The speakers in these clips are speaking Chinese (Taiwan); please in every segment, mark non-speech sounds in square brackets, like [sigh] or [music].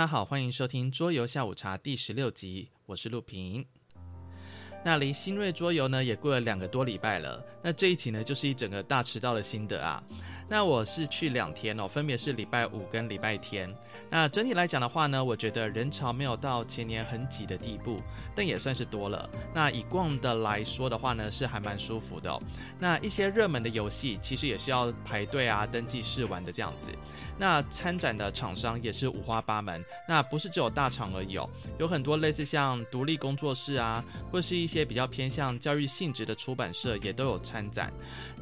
大家好，歡迎收聽桌遊下午茶第十六集，我是陸平。那離新銳桌遊呢也過了兩個多禮拜了，那這一期呢就是一整個大遲到的心得啊。那我是去兩天哦，分別是禮拜五跟禮拜天。那整體來講的話呢，我覺得人潮沒有到前年很擠的地步，但也算是多了。那以逛的來說的話呢，是還蠻舒服的哦。那一些熱門的遊戲其實也是要排隊啊，登記試玩的這樣子。那參展的廠商也是五花八門，那不是只有大廠而已哦，有很多類似像獨立工作室啊，或是一些比較偏向教育性質的出版社也都有參展。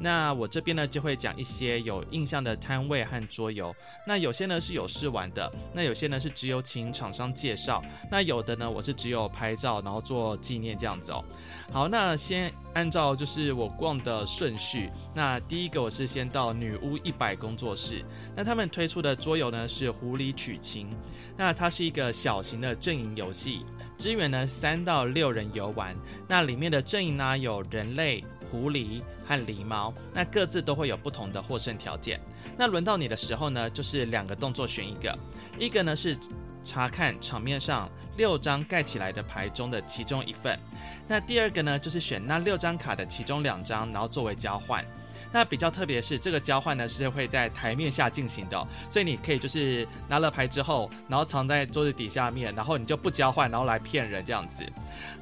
那我這邊呢就會講一些有。有印象的攤位和桌遊，那有些呢是有試玩的，那有些呢是只有請廠商介紹，那有的呢我是只有拍照然後做紀念這樣子哦。好，那先按照就是我逛的順序，那第一個我是先到女巫一百工作室，那他們推出的桌遊呢是狐狸娶親。那它是一個小型的陣營遊戲，支援呢三到六人遊玩，那裡面的陣營呢有人類、狐狸。和狸貓，那各自都會有不同的獲勝條件。那輪到你的時候呢，就是兩個動作選一個，一個呢是查看場面上六張蓋起來的牌中的其中一份，那第二個呢就是選那六張卡的其中兩張，然後作為交換。那比較特別的是，這個交換呢是會在檯面下進行的，所以你可以就是拿了牌之後，然後藏在桌子底下面，然後你就不交換，然後來騙人這樣子。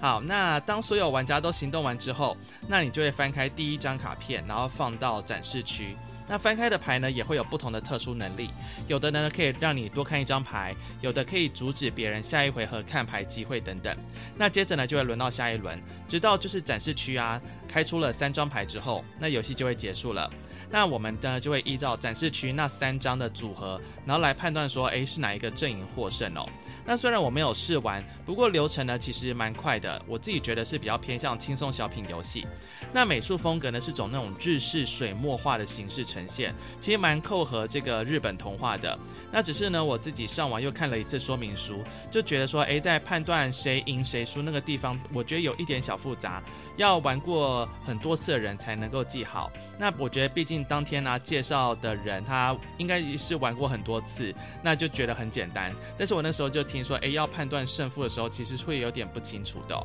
好，那當所有玩家都行動完之後，那你就會翻開第一張卡片，然後放到展示區。那翻開的牌呢，也會有不同的特殊能力，有的呢可以讓你多看一張牌，有的可以阻止別人下一回合看牌機會等等。那接着呢，就會輪到下一輪，直到就是展示區啊開出了三張牌之後，那遊戲就會結束了。那我們呢就會依照展示區那三張的組合，然後來判斷說，誒、欸，是哪一個陣營獲勝哦。那雖然我沒有試玩，不過流程呢其實蠻快的。我自己覺得是比較偏向輕鬆小品遊戲。那美術風格呢是種那種日式水墨畫的形式呈現，其實蠻扣合這個日本童話的。那只是呢我自己上網又看了一次說明書，就覺得說，誒、欸，在判斷誰贏誰輸那個地方，我覺得有一點小複雜，要玩過很多次的人才能夠記好。那我覺得畢竟當天呢、啊、介紹的人他應該是玩過很多次，那就覺得很簡單。但是我那時候就聽。說哎，要判斷勝負的時候，其實會有點不清楚的。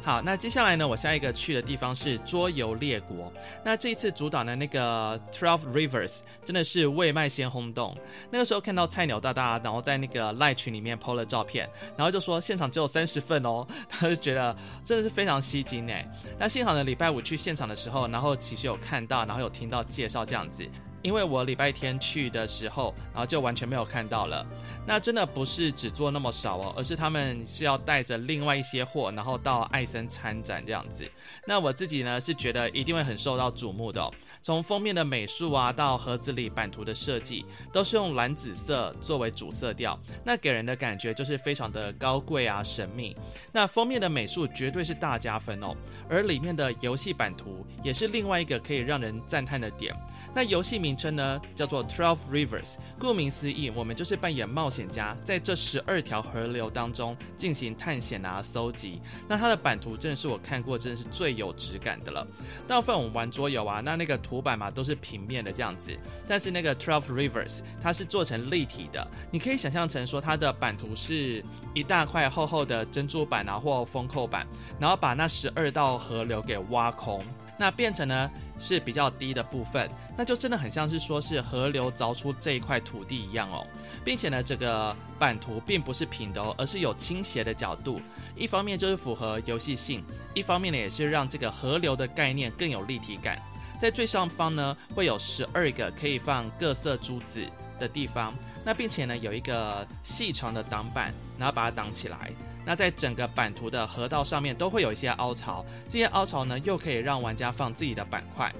好，那接下來呢，我下一個去的地方是桌遊列國。那這一次主打的那個 Twelve Rivers，真的是未賣先轟動。那個時候看到菜鳥大大，然後在那個 Line 群裡面 PO 了照片，然後就說現場只有三十份哦，他就覺得真的是非常吸睛哎。那幸好呢，禮拜五去現場的時候，然後其實有看到，然後有聽到介紹這樣子。因為我禮拜天去的時候，然後就完全沒有看到了。那真的不是只做那麼少哦，而是他們是要帶着另外一些貨，然後到艾森參展這樣子。那我自己呢是覺得一定會很受到矚目的哦。從封面的美術啊，到盒子裡版圖的設計，都是用藍紫色作為主色調，那給人的感覺就是非常的高貴啊神秘、。那封面的美術絕對是大加分哦，而裡面的遊戲版圖也是另外一個可以讓人讚嘆的點。那遊戲名。名稱呢叫做 Twelve Rivers，顧名思義，我們就是扮演冒險家，在這十二條河流當中進行探險啊，蒐集。那它的版圖真的是我看過真的是最有質感的了。大部分我們玩桌遊啊，那那個圖板嘛都是平面的這樣子，但是那個 Twelve Rivers 它是做成立體的，你可以想象成說它的版圖是一大塊厚厚的珍珠板啊或風扣板，然後把那十二道河流給挖空，那變成呢，是比較低的部分，那就真的很像是說是河流鑿出這一塊土地一樣哦，並且呢，這個版圖並不是平的哦，而是有傾斜的角度。一方面就是符合遊戲性，一方面呢也是讓這個河流的概念更有立體感。在最上方呢會有十二個可以放各色珠子的地方，那並且呢有一個細長的擋板，然後把它擋起來。那在整個版圖的河道上面都會有一些凹槽，這些凹槽呢又可以讓玩家放自己的板塊。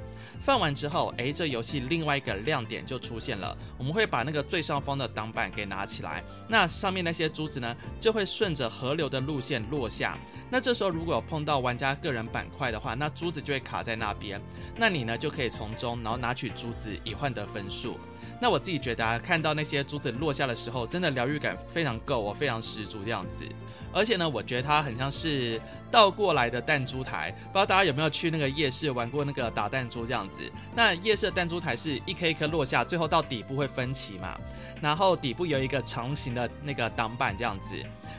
放完之後，哎、欸，這遊戲另外一個亮點就出現了。我們會把那個最上方的擋板給拿起來，那上面那些珠子呢就會順着河流的路線落下。那這時候如果有碰到玩家個人板塊的話，那珠子就會卡在那邊。那你呢就可以從中然後拿取珠子以換得分數。那我自己覺得、啊、看到那些珠子落下的時候，真的療癒感非常夠哦，非常十足這樣子。而且呢，我覺得它很像是倒過來的彈珠台，不知道大家有沒有去那個夜市玩過那個打彈珠這樣子？那夜市彈珠台是一顆一顆落下，最後到底部會分歧嘛，然後底部有一個長形的那個擋板這樣子。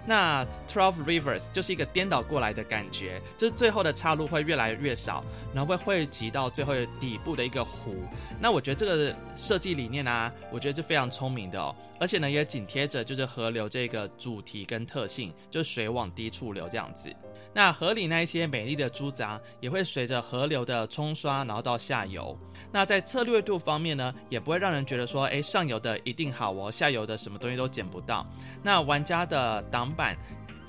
那 Twelve Rivers 就是一個顛倒過來的感覺，就是最後的岔路會越來越少，然後會匯集到最後底部的一個湖。那我覺得這個設計理念啊，我覺得是非常聰明的哦。而且呢，也緊貼着就是河流這個主題跟特性，就是水往低處流這樣子。那河裡那一些美麗的珠子啊，也會隨着河流的沖刷，然後到下游。那在策略度方面呢，也不會讓人覺得說，哎，上游的一定好哦，下游的什麼東西都撿不到。那玩家的擋板。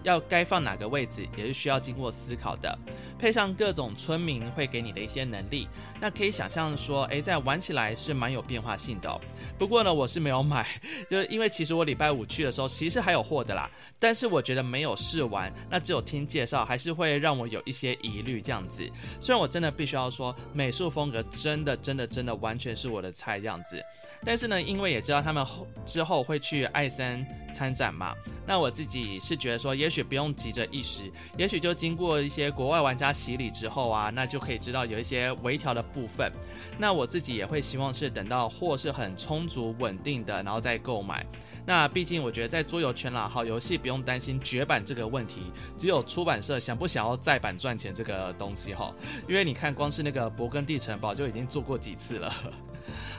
要該放哪個位置也是需要經過思考的，配上各種村民會給你的一些能力，那可以想象說，誒，在玩起來是蠻有變化性的哦。不過呢，我是沒有買，就是因為其實我禮拜五去的時候其實還有貨的啦，但是我覺得沒有試玩，那只有聽介紹還是會讓我有一些疑慮這樣子。雖然我真的必須要說，美術風格真的真的真的完全是我的菜這樣子，但是呢，因為也知道他們後之後會去艾森，參展嘛，那我自己是覺得說，也許不用急着一時，也許就經過一些國外玩家洗禮之後啊，那就可以知道有一些微調的部分。那我自己也會希望是等到貨是很充足穩定的，然後再購買。那畢竟我覺得在桌遊圈啦，老好遊戲不用擔心絕版這個問題，只有出版社想不想要再版賺錢這個東西哈。因為你看，光是那個勃艮第城堡就已經做過幾次了。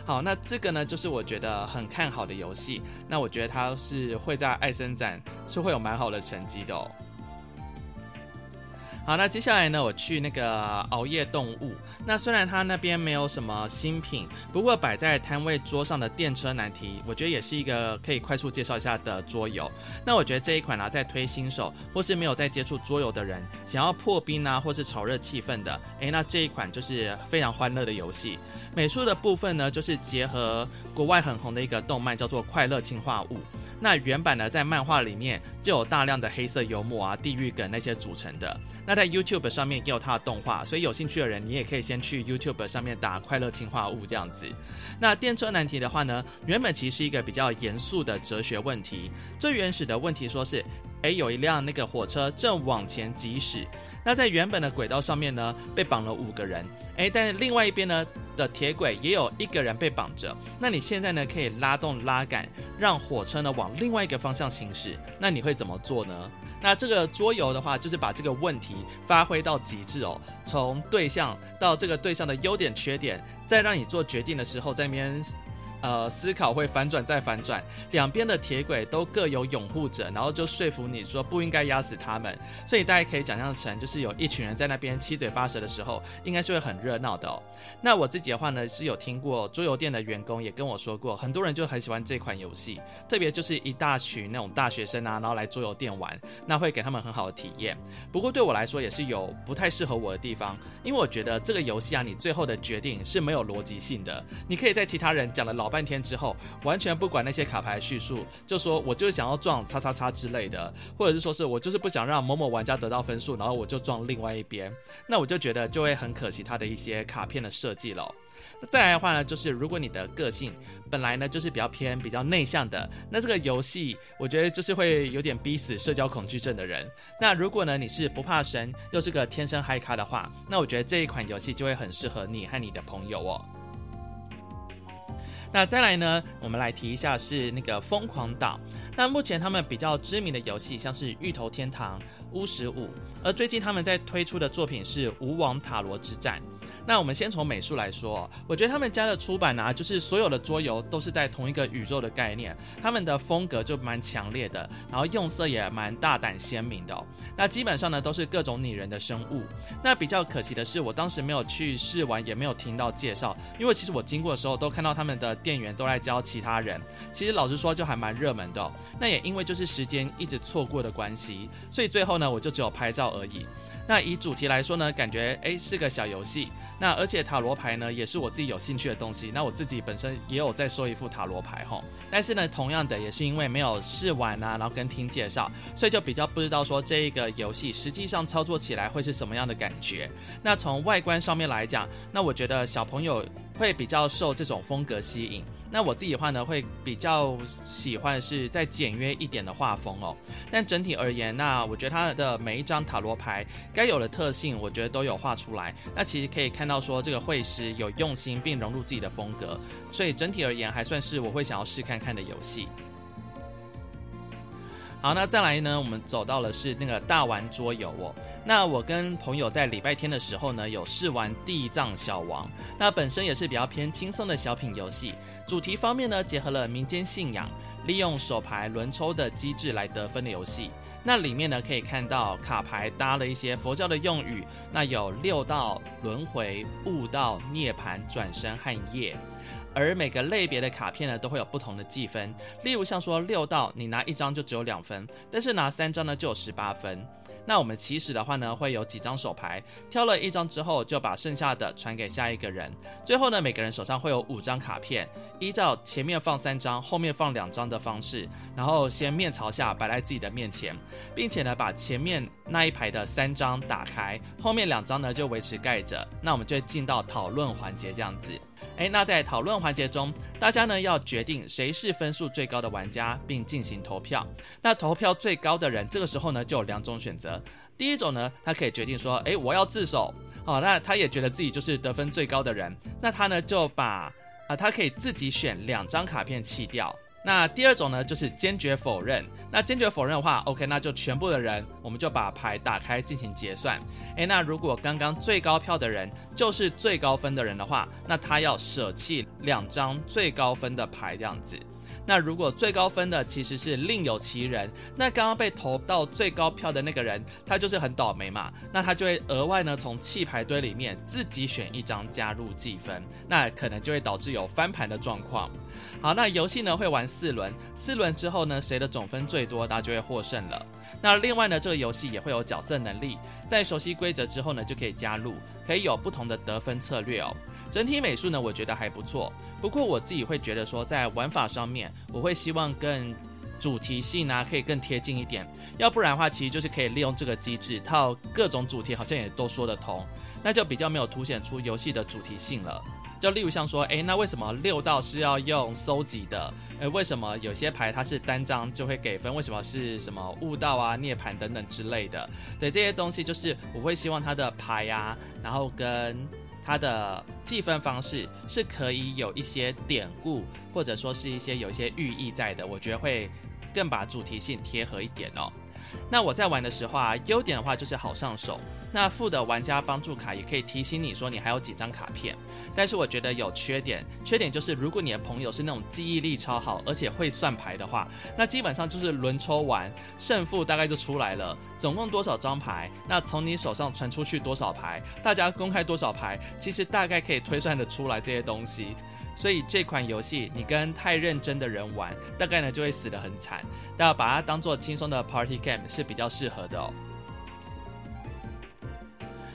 好，那這個呢，就是我覺得很看好的遊戲。那我覺得它是會在艾森展是會有蠻好的成績的哦。好，那接下來呢，我去那個熬夜動物。那雖然它那邊沒有什麼新品，不過擺在攤位桌上的電車難題，我覺得也是一個可以快速介紹一下的桌遊。那我覺得這一款呢、啊，在推新手或是沒有在接觸桌遊的人，想要破冰啊，或是炒熱氣氛的，哎、欸，那這一款就是非常歡樂的遊戲。美術的部分呢，就是結合國外很紅的一個動漫，叫做《快樂氰化物》。那原版呢，在漫畫裡面就有大量的黑色幽默啊、地獄梗那些組成的。那在在 YouTube 上面也有他的動畫，所以有興趣的人，你也可以先去 YouTube 上面打“快樂氫化物”這樣子。那電車難題的話呢，原本其實是一個比較嚴肅的哲學問題。最原始的問題說是：哎，有一輛那個火車正往前疾駛，那在原本的軌道上面呢被綁了五個人，哎，但是另外一邊呢的鐵軌也有一個人被綁着。那你現在呢可以拉動拉桿，讓火車呢往另外一個方向行駛，那你會怎麼做呢？那這個桌遊的話，就是把這個問題發揮到極致哦。從對象到這個對象的優點、缺點，再讓你做決定的時候，在面。呃，思考會反轉再反轉，兩邊的鐵軌都各有擁護者，然後就說服你說不應該壓死他們。所以大家可以想象成，就是有一群人在那邊七嘴八舌的時候，應該是會很熱鬧的哦。那我自己的話呢，是有聽過桌遊店的員工也跟我說過，很多人就很喜歡這款遊戲，特別就是一大群那種大學生啊，然後來桌遊店玩，那會給他們很好的體驗。不過對我來說也是有不太適合我的地方，因為我覺得這個遊戲啊，你最後的決定是沒有邏輯性的，你可以在其他人講了老半天之後，完全不管那些卡牌敘述，就說我就是想要撞叉叉叉之類的，或者是說是我就是不想讓某某玩家得到分數，然後我就撞另外一邊。那我就覺得就會很可惜他的一些卡片的設計了。那再來的話呢，就是如果你的個性本來呢就是比較偏比較內向的，那這個遊戲我覺得就是會有點逼死社交恐懼症的人。那如果呢你是不怕神又是個天生嗨咖的話，那我覺得這一款遊戲就會很適合你和你的朋友哦。那再來呢，我們來提一下是那個瘋狂島。那目前他們比較知名的遊戲像是《芋頭天堂》、《巫十五》，而最近他們在推出的作品是《吾王塔羅之戰》。那我們先從美術來說，我覺得他們家的出版呢、啊，就是所有的桌遊都是在同一個宇宙的概念，他們的風格就蠻強烈的，然後用色也蠻大膽鮮明的哦。那基本上呢，都是各種擬人的生物。那比較可惜的是，我當時沒有去試玩，也沒有聽到介紹，因為其實我經過的時候都看到他們的店員都在教其他人。其實老實說，就還蠻熱門的哦。那也因為就是時間一直錯過的關係，所以最後呢，我就只有拍照而已。那以主題來說呢，感覺誒是個小遊戲。那而且塔羅牌呢，也是我自己有興趣的東西。那我自己本身也有在收一副塔羅牌哈、哦，但是呢，同樣的也是因為沒有試玩啊，然後跟聽介紹，所以就比較不知道說這一個遊戲實際上操作起來會是什麼樣的感覺。那從外觀上面來講，那我覺得小朋友會比較受這種風格吸引。那我自己的話呢，會比較喜歡是再簡約一點的畫風哦。但整體而言、啊，那我覺得它的每一張塔羅牌該有的特性，我覺得都有畫出來。那其實可以看到說，這個繪師有用心並融入自己的風格，所以整體而言還算是我會想要試看看的遊戲。好，那再來呢？我們走到了是那個大玩桌遊哦。那我跟朋友在禮拜天的時候呢，有試玩《地藏小王》。那本身也是比較偏輕鬆的小品遊戲，主題方面呢，結合了民間信仰，利用手牌輪抽的機制來得分的遊戲。那裡面呢，可以看到卡牌搭了一些佛教的用語，那有六道、輪回、悟道、涅槃、轉生和業。而每個類別的卡片呢，都會有不同的計分。例如像說六道，你拿一張就只有兩分，但是拿三張呢就有十八分。那我們起始的話呢，會有幾張手牌，挑了一張之後，就把剩下的傳給下一個人。最後呢，每個人手上會有五張卡片，依照前面放三張，後面放兩張的方式，然後先面朝下擺在自己的面前，並且呢把前面，那一排的三張打開，後面兩張呢就維持蓋着。那我們就進到討論環節這樣子。哎，那在討論環節中，大家呢要決定誰是分數最高的玩家，並進行投票。那投票最高的人，這個時候呢就有兩種選擇。第一種呢，他可以決定說，哎，我要自首。哦，那他也覺得自己就是得分最高的人。那他呢就把啊、呃，他可以自己選兩張卡片棄掉。那第二種呢，就是堅決否認。那堅決否認的話，OK，那就全部的人，我們就把牌打開進行結算。誒，那如果剛剛最高票的人就是最高分的人的話，那他要捨棄兩張最高分的牌這樣子。那如果最高分的其實是另有其人，那剛剛被投到最高票的那個人，他就是很倒霉嘛。那他就會額外呢，從棄牌堆裡面自己選一張加入計分，那可能就會導致有翻盤的狀況。好，那遊戲呢，會玩四輪，四輪之後呢，誰的總分最多，大家就會獲勝了。那另外呢，這個遊戲也會有角色能力，在熟悉規則之後呢，就可以加入，可以有不同的得分策略哦。整體美術呢，我覺得還不錯，不過我自己會覺得說，在玩法上面，我會希望更主題性啊，可以更貼近一點。要不然的話，其實就是可以利用這個機制套各種主題，好像也都說得通，那就比較沒有凸顯出遊戲的主題性了。就例如像說，誒，那為什麼六道是要用收集的？誒、呃，為什麼有些牌它是單張就會給分？為什麼是什麼悟道啊、涅槃等等之類的？對，這些東西就是我會希望它的牌啊，然後跟它的計分方式是可以有一些典故，或者說是一些有一些寓意在的，我覺得會更把主題性貼合一點哦。那我在玩的時候啊，優點的話就是好上手。那副的玩家幫助卡也可以提醒你說，你還有幾張卡片，但是我覺得有缺點，缺點就是如果你的朋友是那種記憶力超好而且會算牌的話，那基本上就是輪抽完勝負大概就出來了，總共多少張牌，那從你手上傳出去多少牌，大家公開多少牌，其實大概可以推算得出來這些東西。所以這款遊戲你跟太認真的人玩，大概呢就會死得很慘，大家把它當做輕鬆的 party game 是比較適合的哦。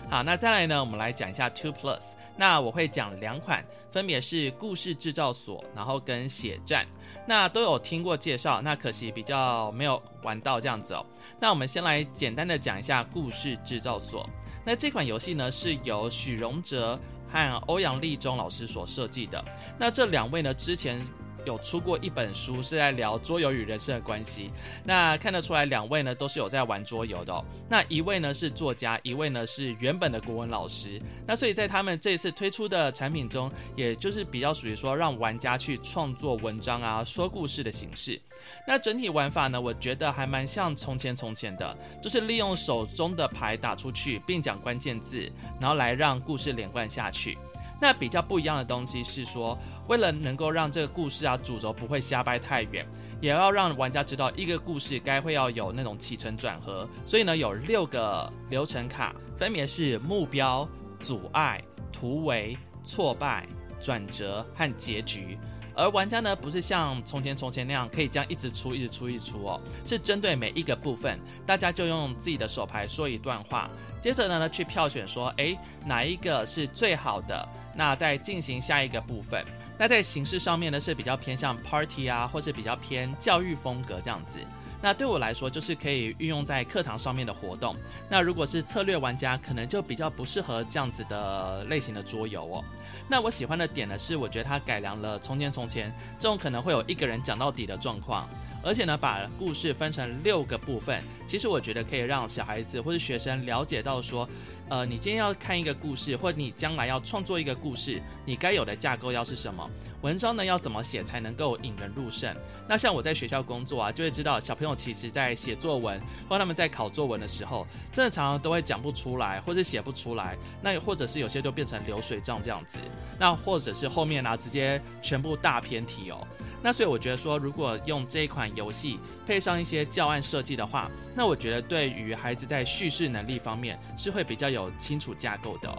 好，那再來呢？我們來講一下 Two Plus。那我會講兩款，分別是故事製造所，然後跟血戰。那都有聽過介紹，那可惜比較沒有玩到這樣子哦。那我們先來簡單的講一下故事製造所。那這款遊戲呢，是由許榮哲和歐陽立中老師所設計的。那這兩位呢，之前。有出過一本書是在聊桌遊與人生的關係，那看得出來兩位呢都是有在玩桌遊的哦。那一位呢是作家，一位呢是原本的國文老師。那所以在他們這次推出的產品中，也就是比較屬於說讓玩家去創作文章啊、說故事的形式。那整體玩法呢，我覺得還蠻像從前從前的，就是利用手中的牌打出去，並講關鍵字，然後來讓故事連貫下去。那比較不一樣的東西是說，為了能夠讓這個故事啊主軸不會瞎掰太遠，也要讓玩家知道一個故事該會要有那種起承轉合，所以呢有六個流程卡，分別是目標、阻礙、突圍、挫敗、轉折和結局。而玩家呢不是像從前從前那樣可以這樣一直出一直出一直出哦，是針對每一個部分，大家就用自己的手牌說一段話，接着呢去票選說，誒，哪一個是最好的？那再進行下一個部分，那在形式上面呢是比較偏向 party 啊，或是比較偏教育風格這樣子。那對我來說，就是可以運用在課堂上面的活動。那如果是策略玩家，可能就比較不適合這樣子的類型的桌遊哦。那我喜歡的點呢是，我覺得它改良了從前從前這種可能會有一個人講到底的狀況，而且呢把故事分成六個部分，其實我覺得可以讓小孩子或是學生了解到說。呃，你今天要看一個故事，或者你將來要創作一個故事，你該有的架構要是什麼？文章呢要怎麼寫才能夠引人入勝？那像我在學校工作啊，就會知道小朋友其實，在寫作文或他們在考作文的時候，正常，常都會講不出來，或是寫不出來。那或者是有些就變成流水賬這樣子。那或者是後面呢、啊，直接全部大偏題哦。那所以我覺得說，如果用這一款遊戲配上一些教案設計的話，那我覺得對於孩子在敘事能力方面是會比較有清楚架構的、哦。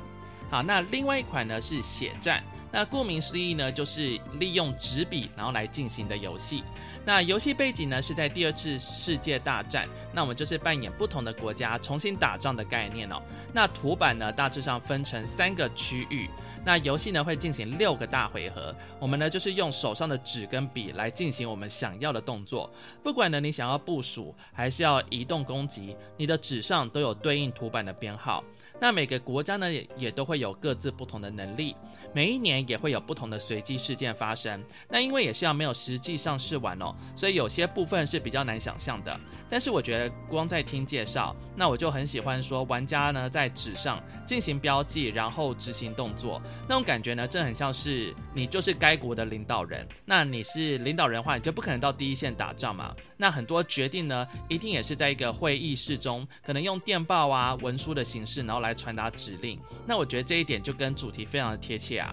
好，那另外一款呢是寫戰。那顧名思義呢，就是利用紙筆然後來進行的遊戲。那遊戲背景呢是在第二次世界大戰。那我們就是扮演不同的國家重新打仗的概念哦。那圖板呢大致上分成三個區域。那遊戲呢會進行六個大回合。我們呢就是用手上的紙跟筆來進行我們想要的動作。不管呢你想要部署還是要移動攻擊，你的紙上都有對應圖板的編號。那每個國家呢也也都會有各自不同的能力。每一年也會有不同的隨機事件發生，那因為也是要沒有實際上試玩哦，所以有些部分是比較難想象的。但是我覺得光在聽介紹，那我就很喜歡說玩家呢在紙上進行標記，然後執行動作，那種感覺呢，這很像是你就是該國的領導人。那你是領導人的話，你就不可能到第一線打仗嘛。那很多決定呢，一定也是在一個會議室中，可能用電報啊文書的形式，然後來傳達指令。那我覺得這一點就跟主題非常的貼切啊。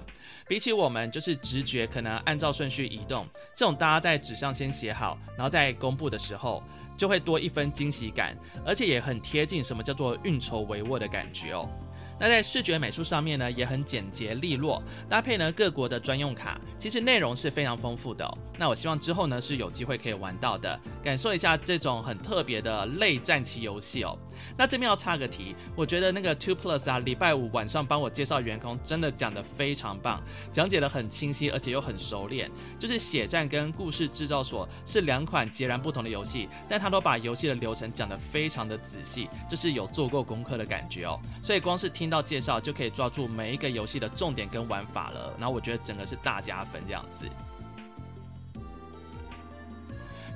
比起我們就是直覺，可能按照順序移動，這種大家在紙上先寫好，然後再公布的時候，就會多一分驚喜感，而且也很貼近什麼叫做運籌帷幄的感覺哦。那在視覺美術上面呢，也很簡潔利落，搭配呢各國的專用卡，其實內容是非常豐富的哦，那我希望之後呢是有機會可以玩到的，感受一下這種很特別的類戰棋遊戲哦。那這邊要岔個題，我覺得那個 Two Plus 啊，禮拜五晚上幫我介紹的員工，真的講得非常棒，講解得很清晰，而且又很熟練。就是血戰跟故事制造所是兩款截然不同的遊戲，但他都把遊戲的流程講得非常的仔細，就是有做過功課的感覺哦。所以光是聽。聽到介紹就可以抓住每一個遊戲的重點跟玩法了，然後我覺得整個是大加分這樣子。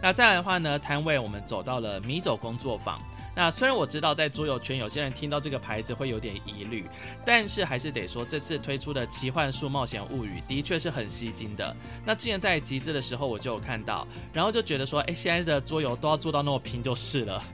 那再來的話呢，攤位我們走到了迷走工作坊。那雖然我知道在桌遊圈有些人聽到這個牌子會有點疑慮，但是還是得說，這次推出的《奇幻樹冒險物語》的確是很吸睛的。那之前在集資的時候我就有看到，然後就覺得說，誒、欸，現在的桌遊都要做到那麼拼就是了。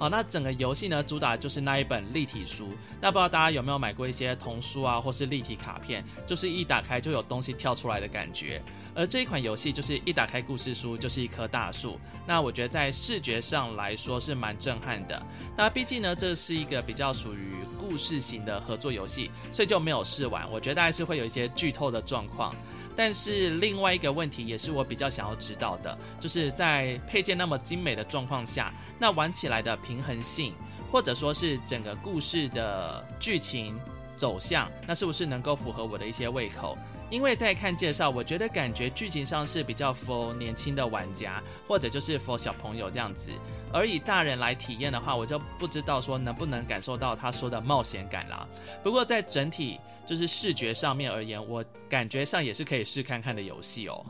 好，那整個遊戲呢，主打就是那一本立體書。那不知道大家有沒有買過一些童書啊，或是立體卡片，就是一打開就有東西跳出來的感覺。而這一款遊戲就是一打開故事書，就是一棵大樹。那我覺得在視覺上來說是蠻震撼的。那畢竟呢，這是一個比較屬於故事型的合作遊戲，所以就沒有試玩。我覺得還是會有一些劇透的狀況。但是另外一個問題也是我比較想要知道的，就是在配件那麼精美的狀況下，那玩起來的平衡性，或者說是整個故事的劇情走向，那是不是能夠符合我的一些胃口？因為在看介紹，我覺得感覺劇情上是比較 for 年輕的玩家，或者就是 for 小朋友這樣子。而以大人來體驗的話，我就不知道說能不能感受到他說的冒險感啦。不過在整體就是視覺上面而言，我感覺上也是可以試看看的遊戲哦。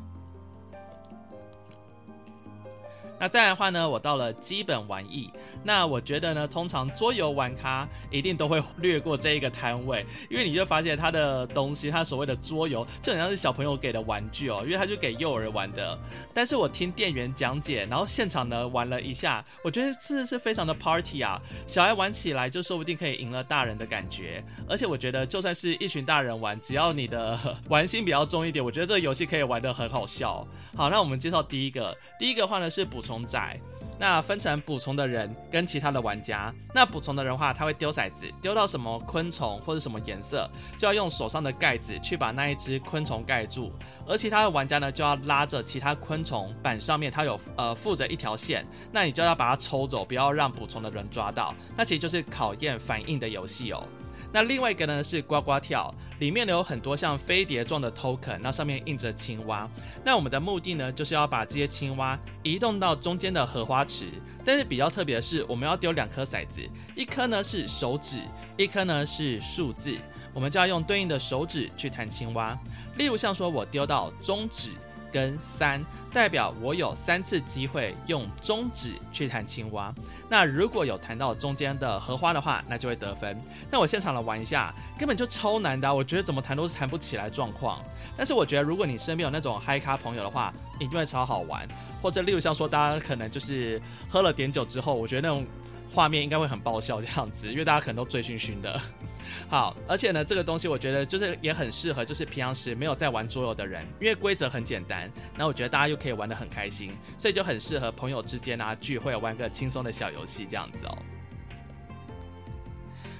那再來的話呢，我到了基本玩意，那我覺得呢，通常桌遊玩咖一定都會略過這一個攤位，因為你就發現它的東西，它所謂的桌遊就很像是小朋友給的玩具哦，因為他就給幼兒玩的。但是我聽店員講解，然後現場呢玩了一下，我覺得這是非常的 party 啊，小孩玩起來就說不定可以贏了大人的感覺。而且我覺得就算是一群大人玩，只要你的玩心比較重一點，我覺得這個遊戲可以玩得很好笑。好，那我們介紹第一個，第一個話呢是補充。蟲仔，那分成捕蟲的人跟其他的玩家。那捕蟲的人的話，他會丟骰子，丟到什麼昆蟲或者什麼顏色，就要用手上的蓋子去把那一隻昆蟲蓋住。而其他的玩家呢，就要拉着其他昆蟲板上面，它有呃附着一條線，那你就要把它抽走，不要讓捕蟲的人抓到。那其實就是考驗反應的遊戲哦。那另外一個呢，是呱呱跳。裡面有很多像飛碟狀的 token，那上面印着青蛙。那我們的目的呢，就是要把這些青蛙移動到中間的荷花池。但是比較特別的是，我們要丟兩顆骰子，一顆呢是手指，一顆呢是數字。我們就要用對應的手指去彈青蛙。例如像說我丟到中指，跟三代表我有三次機會用中指去彈青蛙，那如果有彈到中間的荷花的話，那就會得分。那我現場來玩一下，根本就超難的啊，我覺得怎麼彈都是彈不起來狀況。但是我覺得如果你身邊有那種嗨咖朋友的話，一定會超好玩。或者例如像說大家可能就是喝了點酒之後，我覺得那種畫面應該會很爆笑這樣子，因為大家可能都醉醺醺的。好，而且呢，這個東西我覺得就是也很適合，就是平常時沒有在玩桌遊的人，因為規則很簡單，那我覺得大家又可以玩得很開心，所以就很適合朋友之間啊聚會玩個輕鬆的小遊戲這樣子哦。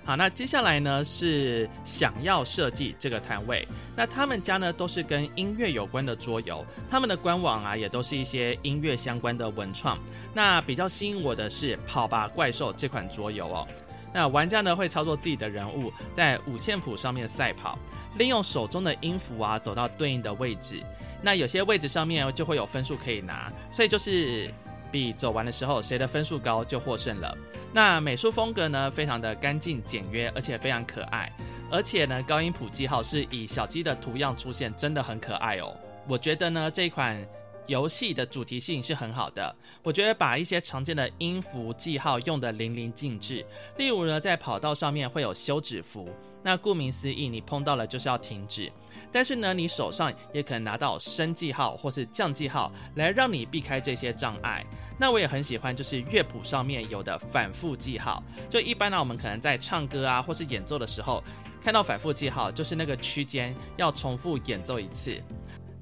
好，那接下來呢是想要設計這個攤位，那他們家呢都是跟音樂有關的桌遊，他們的官網啊也都是一些音樂相關的文創，那比較吸引我的的是《跑吧怪獸》這款桌遊哦。那玩家呢會操作自己的人物在五線譜上面賽跑，利用手中的音符啊走到對應的位置。那有些位置上面就會有分數可以拿，所以就是比走完的時候誰的分數高就獲勝了。那美術風格呢非常的乾淨簡約，而且非常可愛。而且呢高音譜記號是以小雞的圖樣出現，真的很可愛哦。我覺得呢這一款。遊戲的主題性是很好的，我覺得把一些常見的音符記號用得淋漓盡致。例如呢，在跑道上面會有休止符，那顧名思義，你碰到了就是要停止。但是呢，你手上也可能拿到升記號或是降記號，來讓你避開這些障礙。那我也很喜歡，就是樂譜上面有的反復記號。就一般呢，我們可能在唱歌啊或是演奏的時候，看到反復記號，就是那個區間要重複演奏一次。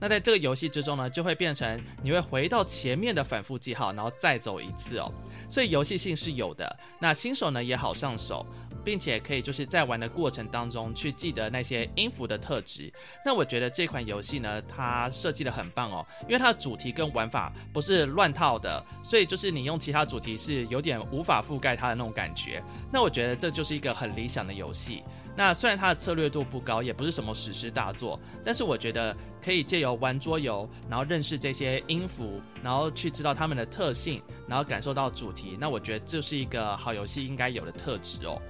那在這個遊戲之中呢，就會變成你會回到前面的反覆記號，然後再走一次哦。所以遊戲性是有的。那新手呢也好上手，並且可以就是在玩的過程當中去記得那些音符的特質。那我覺得這款遊戲呢，它設計得很棒哦，因為它的主題跟玩法不是亂套的，所以就是你用其他主題是有點無法覆蓋它的那種感覺。那我覺得這就是一個很理想的遊戲。那雖然它的策略度不高，也不是什麼史詩大作，但是我覺得可以借由玩桌遊，然後認識這些音符，然後去知道它們的特性，然後感受到主題。那我覺得這是一個好遊戲應該有的特質哦。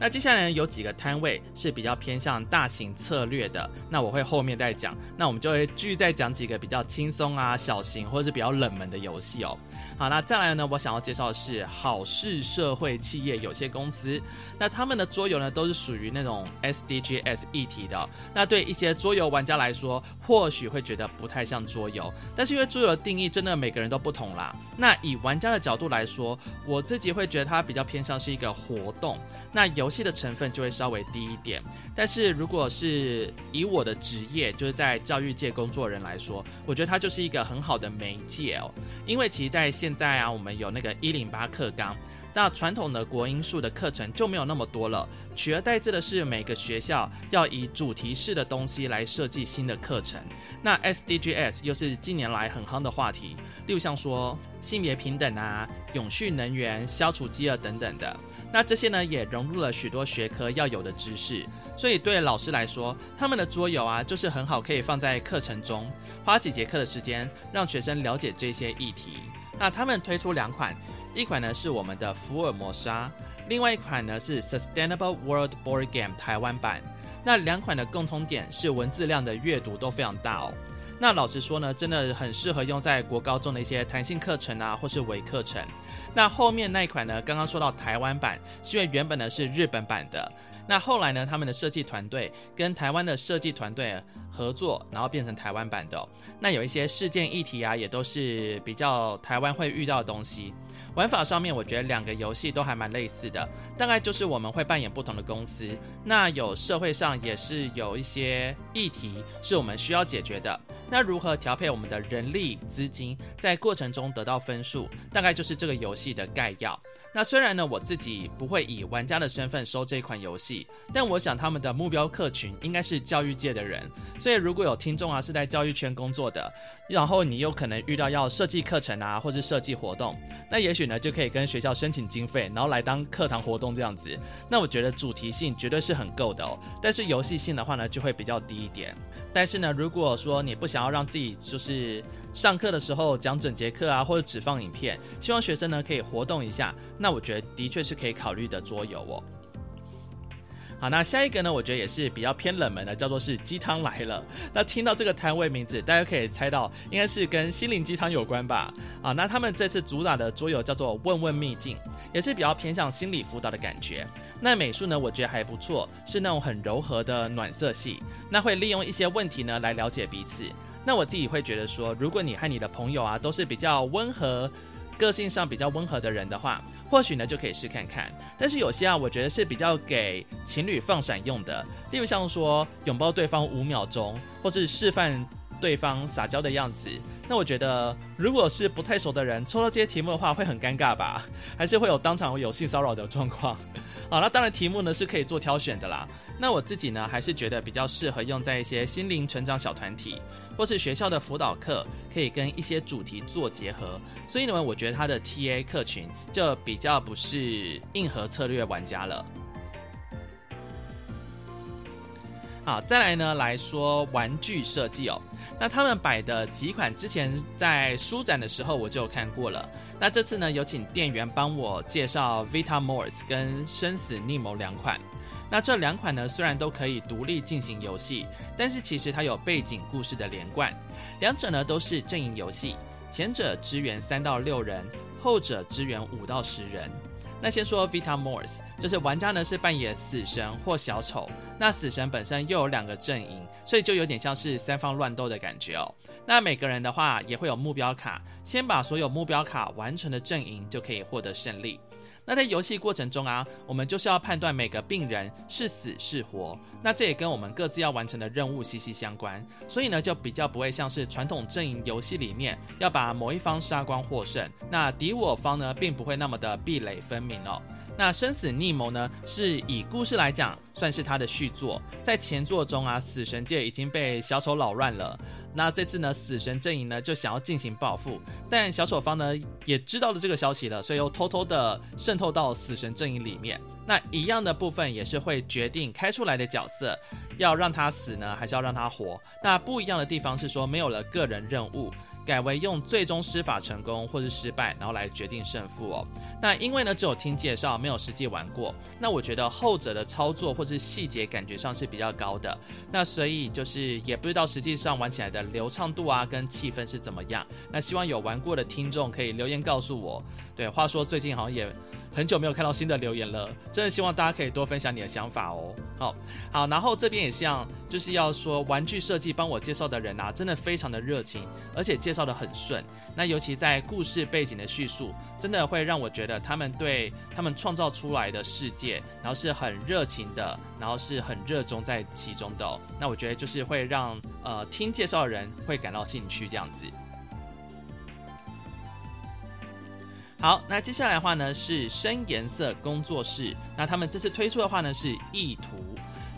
那接下來有幾個攤位是比較偏向大型策略的，那我會後面再講。那我們就會繼續再講幾個比較輕鬆啊、小型或者是比較冷門的遊戲哦。好，那再來呢，我想要介紹的是好事社會企業有限公司。那他們的桌遊呢，都是屬於那種 SDGs 議題的哦。那對一些桌遊玩家來說，或許會覺得不太像桌遊，但是因為桌遊的定義真的每個人都不同啦。那以玩家的角度來說，我自己會覺得它比較偏向是一個活動，那遊戲的成分就會稍微低一點。但是如果是以我的職業，就是在教育界工作人來說，我覺得它就是一個很好的媒介哦，因為其實在現。現在啊，我們有那個一零八課綱，那傳統的國英數的課程就沒有那麼多了。取而代之的是，每個學校要以主題式的東西來設計新的課程。那 SDGs 又是近年來很夯的話題，例如像說性別平等啊、永續能源、消除飢餓等等的。那這些呢，也融入了許多學科要有的知識。所以對老師來說，他們的桌遊啊，就是很好可以放在課程中，花幾節課的時間，讓學生了解這些議題。那他們推出兩款，一款呢是我們的福爾摩沙，另外一款呢是 Sustainable World Board Game 台灣版。那兩款的共通點是文字量的閱讀都非常大哦。那老實說呢，真的很適合用在國高中的一些彈性課程啊，或是微課程。那後面那一款呢，剛剛說到台灣版，是因為原本呢是日本版的。那後來呢，他們的設計團隊跟台灣的設計團隊合作，然後變成台灣版的哦。那有一些事件議題啊，也都是比較台灣會遇到的東西。玩法上面，我覺得兩個遊戲都還蠻類似的，大概就是我們會扮演不同的公司，那有社會上也是有一些議題是我們需要解決的，那如何調配我們的人力資金，在過程中得到分數，大概就是這個遊戲的概要。那雖然呢，我自己不會以玩家的身份收這款遊戲，但我想他們的目標客群應該是教育界的人，所以如果有聽眾啊是在教育圈工作的，然後你又可能遇到要設計課程啊，或是設計活動，那也許。就可以跟學校申請經費，然後來當課堂活動這樣子。那我覺得主題性絕對是很夠的哦，但是遊戲性的話呢，就會比較低一點。但是呢，如果說你不想要讓自己就是上課的時候講整節課啊，或者只放影片，希望學生呢可以活動一下，那我覺得的確是可以考慮的桌遊哦。好，那下一個呢？我覺得也是比較偏冷門的，叫做是雞湯來了。那聽到這個攤位名字，大家可以猜到應該是跟心靈雞湯有關吧？啊，那他們這次主打的桌遊叫做問問祕境，也是比較偏向心理輔導的感覺。那美術呢，我覺得還不錯，是那種很柔和的暖色系。那會利用一些問題呢來了解彼此。那我自己會覺得說，如果你和你的朋友啊都是比較溫和。個性上比較溫和的人的話，或許呢就可以試看看。但是有些啊，我覺得是比較給情侶放閃用的，例如像說擁抱對方五秒鐘，或是示範對方撒嬌的樣子。那我覺得，如果是不太熟的人抽到這些題目的話，會很尷尬吧？還是會有當場有性騷擾的狀況？好，那當然題目呢是可以做挑選的啦。那我自己呢，還是覺得比較適合用在一些心靈成長小團體。或是學校的輔導課，可以跟一些主題做結合，所以呢，我覺得他的 TA 客群，就比較不是硬核策略玩家了。好，再來呢，來說玩具設計哦。那他們擺的幾款，之前在書展的時候我就有看過了。那這次呢，有請店員幫我介紹 Vita Mors 跟生死逆謀兩款。那這兩款呢，雖然都可以獨立進行遊戲，但是其實它有背景故事的連貫。兩者呢都是陣營遊戲，前者支援三到六人，後者支援五到十人。那先說 Vita Morse，就是玩家呢是扮演死神或小丑。那死神本身又有兩個陣營，所以就有點像是三方亂鬥的感覺哦。那每個人的話也會有目標卡，先把所有目標卡完成的陣營就可以獲得勝利。那在遊戲過程中啊，我們就是要判斷每個病人是死是活。那這也跟我們各自要完成的任務息息相關，所以呢，就比較不會像是傳統陣營遊戲裡面要把某一方殺光獲勝。那敵我方呢，並不會那麼的壁壘分明哦。那生死逆謀呢，是以故事來講，算是他的續作。在前作中啊，死神界已經被小丑擾亂了。那這次呢，死神陣營呢就想要進行報復，但小丑方呢也知道了這個消息了，所以又偷偷的滲透到死神陣營裡面。那一樣的部分也是會決定開出來的角色，要讓他死呢，還是要讓他活？那不一樣的地方是說，沒有了個人任務。改為用最終施法成功或是失敗，然後來決定勝負哦。那因為呢，只有聽介紹，沒有實際玩過，那我覺得後者的操作或是細節感覺上是比較高的。那所以就是也不知道實際上玩起來的流暢度啊，跟氣氛是怎麼樣。那希望有玩過的聽眾可以留言告訴我。對，話說最近好像也。很久沒有看到新的留言了，真的希望大家可以多分享你的想法哦。好好，然後這邊也像就是要說玩具設計幫我介紹的人啊，真的非常的熱情，而且介紹得很順。那尤其在故事背景的敘述，真的會讓我覺得他們對他們創造出來的世界，然後是很熱情的，然後是很熱衷在其中的哦。那我覺得就是會讓呃聽介紹的人會感到興趣這樣子。好，那接下來的話呢是深顏色工作室，那他們這次推出的話呢是意圖，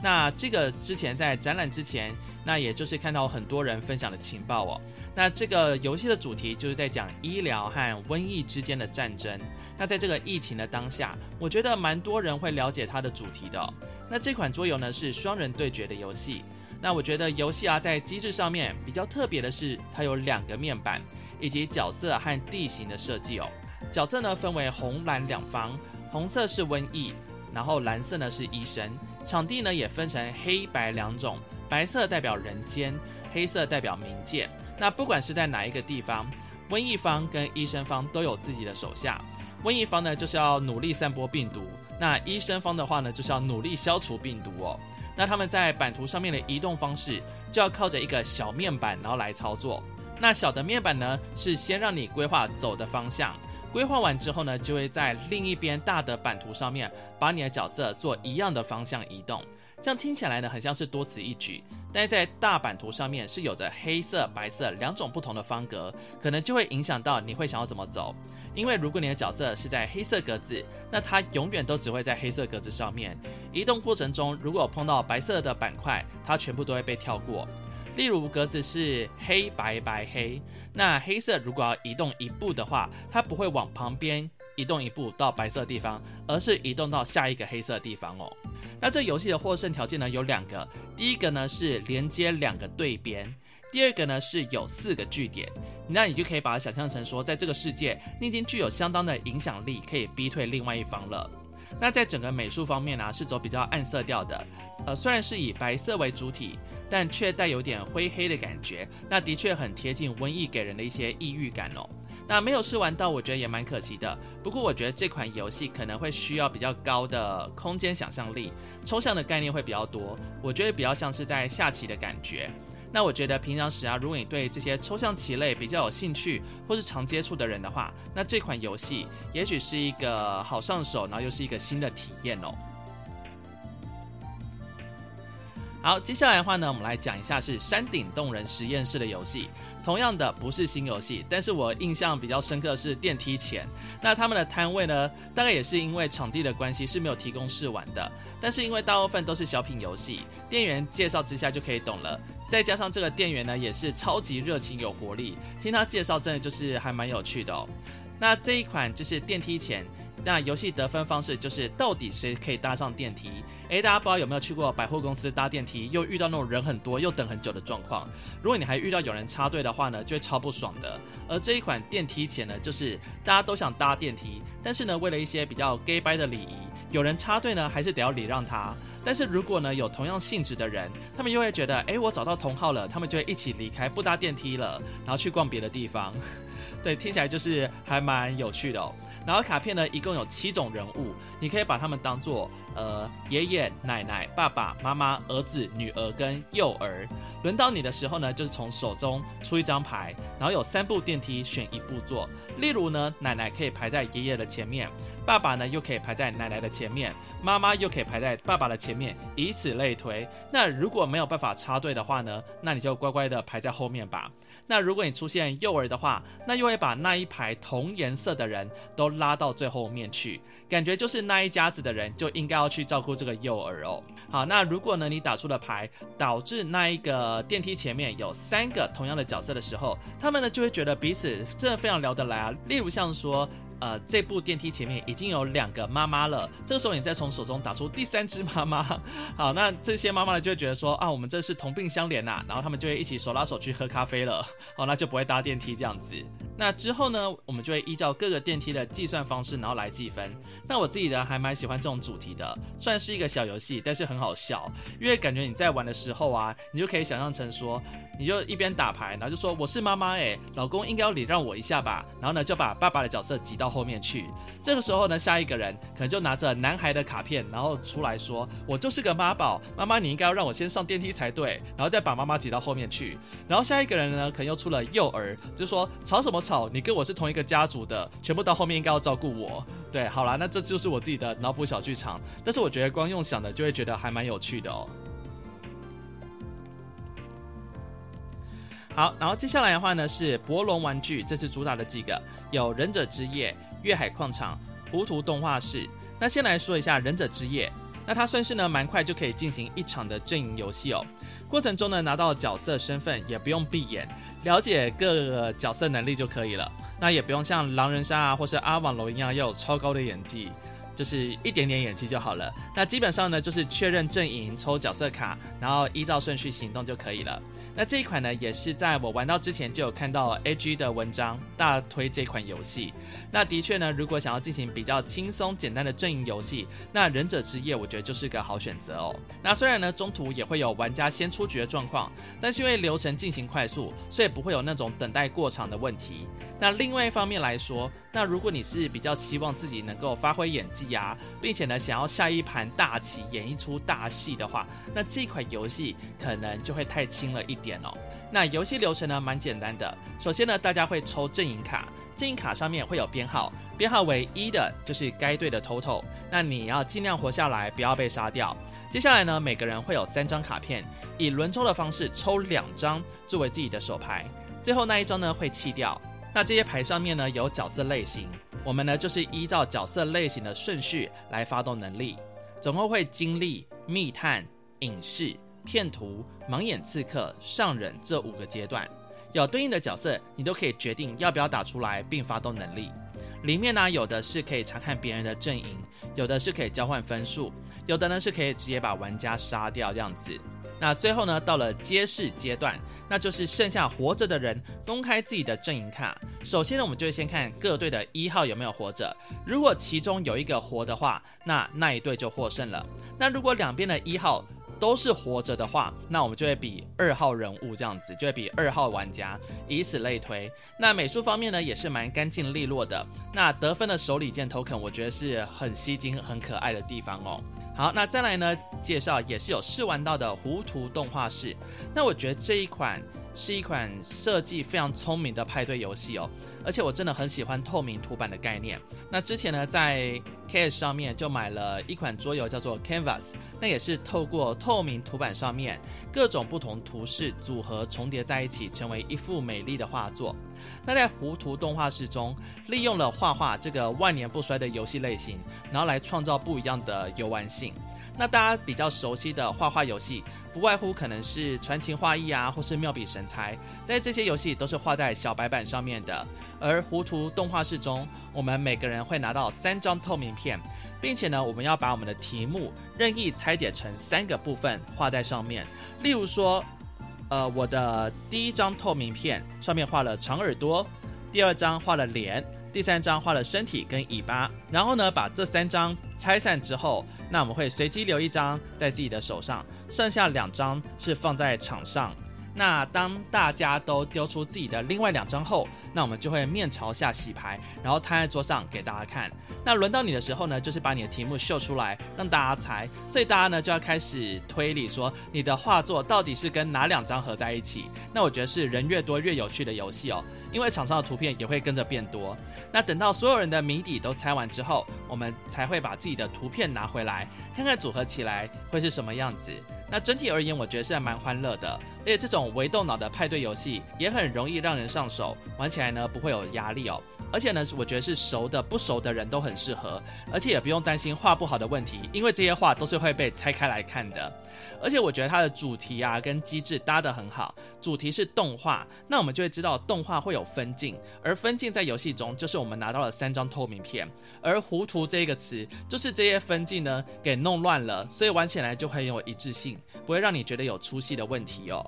那這個之前在展覽之前，那也就是看到很多人分享的情報哦。那這個遊戲的主題就是在講醫療和瘟疫之間的戰爭。那在這個疫情的當下，我覺得蠻多人會了解它的主題的哦。那這款桌遊呢是雙人對決的遊戲。那我覺得遊戲啊在機制上面比較特別的是，它有兩個面板以及角色和地形的設計哦。角色呢分為紅藍兩方，紅色是瘟疫，然後藍色呢是醫生。場地呢也分成黑白兩種，白色代表人間，黑色代表冥界。那不管是在哪一個地方，瘟疫方跟醫生方都有自己的手下。瘟疫方呢就是要努力散播病毒，那醫生方的話呢就是要努力消除病毒哦、喔。那他們在版圖上面的移動方式就要靠着一個小面板，然後來操作。那小的面板呢是先讓你規劃走的方向。規劃完之後呢，就會在另一邊大的版圖上面，把你的角色做一樣的方向移動。這樣聽起來呢，很像是多此一舉。但在大版圖上面是有着黑色、白色兩種不同的方格，可能就會影響到你會想要怎麼走。因為如果你的角色是在黑色格子，那它永遠都只會在黑色格子上面移動。過程中如果碰到白色的板塊，它全部都會被跳過。例如格子是黑白白黑，那黑色如果要移動一步的話，它不會往旁邊移動一步到白色地方，而是移動到下一個黑色地方哦。那這遊戲的獲勝條件呢有兩個，第一個呢是連接兩個對邊，第二個呢是有四個據點。那你就可以把它想象成說，在這個世界，你已經具有相當的影響力，可以逼退另外一方了。那在整個美術方面呢、啊，是走比較暗色調的，呃，雖然是以白色為主體，但卻帶有點灰黑的感覺。那的確很貼近瘟疫給人的一些抑鬱感哦。那沒有試玩到，我覺得也蠻可惜的。不過我覺得這款遊戲可能會需要比較高的空間想象力，抽象的概念會比較多。我覺得比較像是在下棋的感覺。那我覺得平常時啊，如果你對這些抽象棋類比較有興趣，或是常接觸的人的話，那這款遊戲也許是一個好上手，然後又是一個新的體驗哦。好，接下來的話呢，我們來講一下是山頂洞人實驗室的遊戲。同樣的，不是新遊戲，但是我印象比較深刻的是電梯前。那他們的攤位呢，大概也是因為場地的關係是沒有提供試玩的，但是因為大部分都是小品遊戲，店員介紹之下就可以懂了。再加上這個店員呢，也是超級熱情有活力，聽他介紹真的就是還蠻有趣的哦。那這一款就是電梯前，那遊戲得分方式就是到底誰可以搭上電梯。誒，大家不知道有沒有去過百貨公司搭電梯，又遇到那種人很多又等很久的狀況。如果你還遇到有人插隊的話呢，就會超不爽的。而這一款電梯前呢，就是大家都想搭電梯，但是呢，為了一些比較機掰的禮儀，有人插隊呢，還是得要禮讓他。但是如果呢，有同樣性質的人，他們又會覺得，哎、欸，我找到同好了，他們就會一起離開，不搭電梯了，然後去逛別的地方。 [laughs] 對，聽起來就是還蠻有趣的哦。然後卡片呢一共有七種人物，你可以把他們當做，呃，爺爺、奶奶、爸爸媽媽、兒子、女兒跟幼兒。輪到你的時候呢，就是從手中出一張牌，然後有三部電梯選一部坐。例如呢，奶奶可以排在爺爺的前面。爸爸呢又可以排在奶奶的前面，媽媽又可以排在爸爸的前面，以此類推。那如果沒有辦法插隊的話呢，那你就乖乖的排在後面吧。那如果你出現幼兒的話，那又會把那一排同顏色的人都拉到最後面去，感覺就是那一家子的人就應該要去照顧這個幼兒哦。好，那如果呢你打出了牌，導致那一個電梯前面有三個同樣的角色的時候，他們呢就會覺得彼此真的非常聊得來啊。例如像說，呃，這部電梯前面已經有兩個媽媽了，這個時候你再從手中打出第三只媽媽，好，那這些媽媽呢就會覺得說啊，我們這是同病相憐吶、啊，然後他們就會一起手拉手去喝咖啡了，好，那就不會搭電梯這樣子。那之後呢，我們就會依照各個電梯的計算方式，然後來計分。那我自己呢，還蠻喜歡這種主題的，算是一個小遊戲，但是很好笑，因為感覺你在玩的時候啊，你就可以想象成說，你就一邊打牌，然後就說我是媽媽哎，老公應該要禮讓我一下吧，然後呢就把爸爸的角色擠到。到後面去，這個時候呢，下一個人可能就拿着男孩的卡片，然後出來說：“我就是個媽寶，媽媽你應該要讓我先上電梯才對。”然後再把媽媽擠到後面去。然後下一個人呢，可能又出了幼兒，就說：“吵什麼吵？你跟我是同一個家族的，全部到後面應該要照顧我。”對，好啦，那這就是我自己的腦補小劇場。但是我覺得光用想的就會覺得還蠻有趣的哦。好，然後接下來的話呢，是博龍玩具這次主打的幾個，有《忍者之夜》、《月海礦場》、《糊塗動畫室》。那先來說一下《忍者之夜》，那它算是呢蠻快就可以進行一場的陣營遊戲哦。過程中呢拿到角色身份也不用閉眼，了解各個角色能力就可以了。那也不用像狼人殺啊或是阿瓦隆一樣要有超高的演技，就是一點點演技就好了。那基本上呢就是確認陣營、抽角色卡，然後依照順序行動就可以了。那這一款呢，也是在我玩到之前就有看到 AG 的文章大推這款遊戲。那的確呢，如果想要進行比較輕鬆簡單的陣營遊戲，那《忍者之夜》我覺得就是個好選擇哦。那雖然呢中途也會有玩家先出局的狀況，但是因為流程進行快速，所以不會有那種等待過長的問題。那另外一方面來說，那如果你是比較希望自己能夠發揮演技呀、啊，並且呢想要下一盤大棋演一出大戲的話，那這款遊戲可能就會太輕了一點。點哦，那遊戲流程呢蠻簡單的。首先呢，大家會抽陣營卡，陣營卡上面會有編號，編號為一的就是該隊的頭頭。那你要盡量活下來，不要被殺掉。接下來呢，每個人會有三張卡片，以輪抽的方式抽兩張作為自己的手牌，最後那一張呢會棄掉。那這些牌上面呢有角色類型，我們呢就是依照角色類型的順序來發動能力。總共會經歷密探、隱士、騙徒、盲眼刺客、上忍，這五個階段有對應的角色，你都可以決定要不要打出來並發動能力。裡面呢，有的是可以查看別人的陣營，有的是可以交換分數，有的呢是可以直接把玩家殺掉這樣子。那最後呢，到了揭示階段，那就是剩下活着的人公開自己的陣營卡。首先呢，我們就先看各隊的一號有沒有活着，如果其中有一個活的話，那那一隊就獲勝了。那如果兩邊的一號都是活着的話，那我們就會比二號人物這樣子，就會比二號玩家，以此類推。那美術方面呢，也是蠻乾淨利落的。那得分的手裡劍 token，我覺得是很吸睛、很可愛的地方哦。好，那再來呢，介紹也是有試玩到的糊塗動畫室。那我覺得這一款。是一款設計非常聰明的派對遊戲哦，而且我真的很喜歡透明圖板的概念。那之前呢，在 KS 上面就買了一款桌遊叫做 Canvas，那也是透過透明圖板上面各種不同圖示組合重疊在一起，成為一幅美麗的畫作。那在糊塗動畫室中，利用了畫畫這個萬年不衰的遊戲類型，然後來創造不一樣的遊玩性。那大家比較熟悉的畫畫遊戲，不外乎可能是傳情畫意啊，或是妙筆神猜。但這些遊戲都是畫在小白板上面的。而糊塗動畫室中，我們每個人會拿到三張透明片，並且呢，我們要把我們的題目任意拆解成三個部分畫在上面。例如說，呃，我的第一張透明片上面畫了長耳朵，第二張畫了臉，第三張畫了身體跟尾巴。然後呢，把這三張拆散之後。那我們會隨機留一張在自己的手上，剩下兩張是放在場上。那當大家都丟出自己的另外兩張後，那我們就會面朝下洗牌，然後攤在桌上給大家看。那輪到你的時候呢，就是把你的題目秀出來讓大家猜。所以大家呢就要開始推理，說你的畫作到底是跟哪兩張合在一起。那我覺得是人越多越有趣的遊戲哦。因為場上的圖片也會跟着變多，那等到所有人的謎底都猜完之後，我們才會把自己的圖片拿回來，看看組合起來會是什麼樣子。那整體而言，我覺得是還蠻歡樂的，而且這種微動腦的派對遊戲也很容易讓人上手，玩起來呢不會有壓力哦。而且呢，我覺得是熟的不熟的人都很適合，而且也不用擔心畫不好的問題，因為這些畫都是會被拆開來看的。而且我覺得它的主題啊跟機制搭得很好，主題是動畫，那我們就會知道動畫會有分鏡，而分鏡在遊戲中就是我們拿到了三張透明片，而“糊塗”這一個詞就是這些分鏡呢給弄亂了，所以玩起來就很有一致性，不會讓你覺得有出戲的問題喲。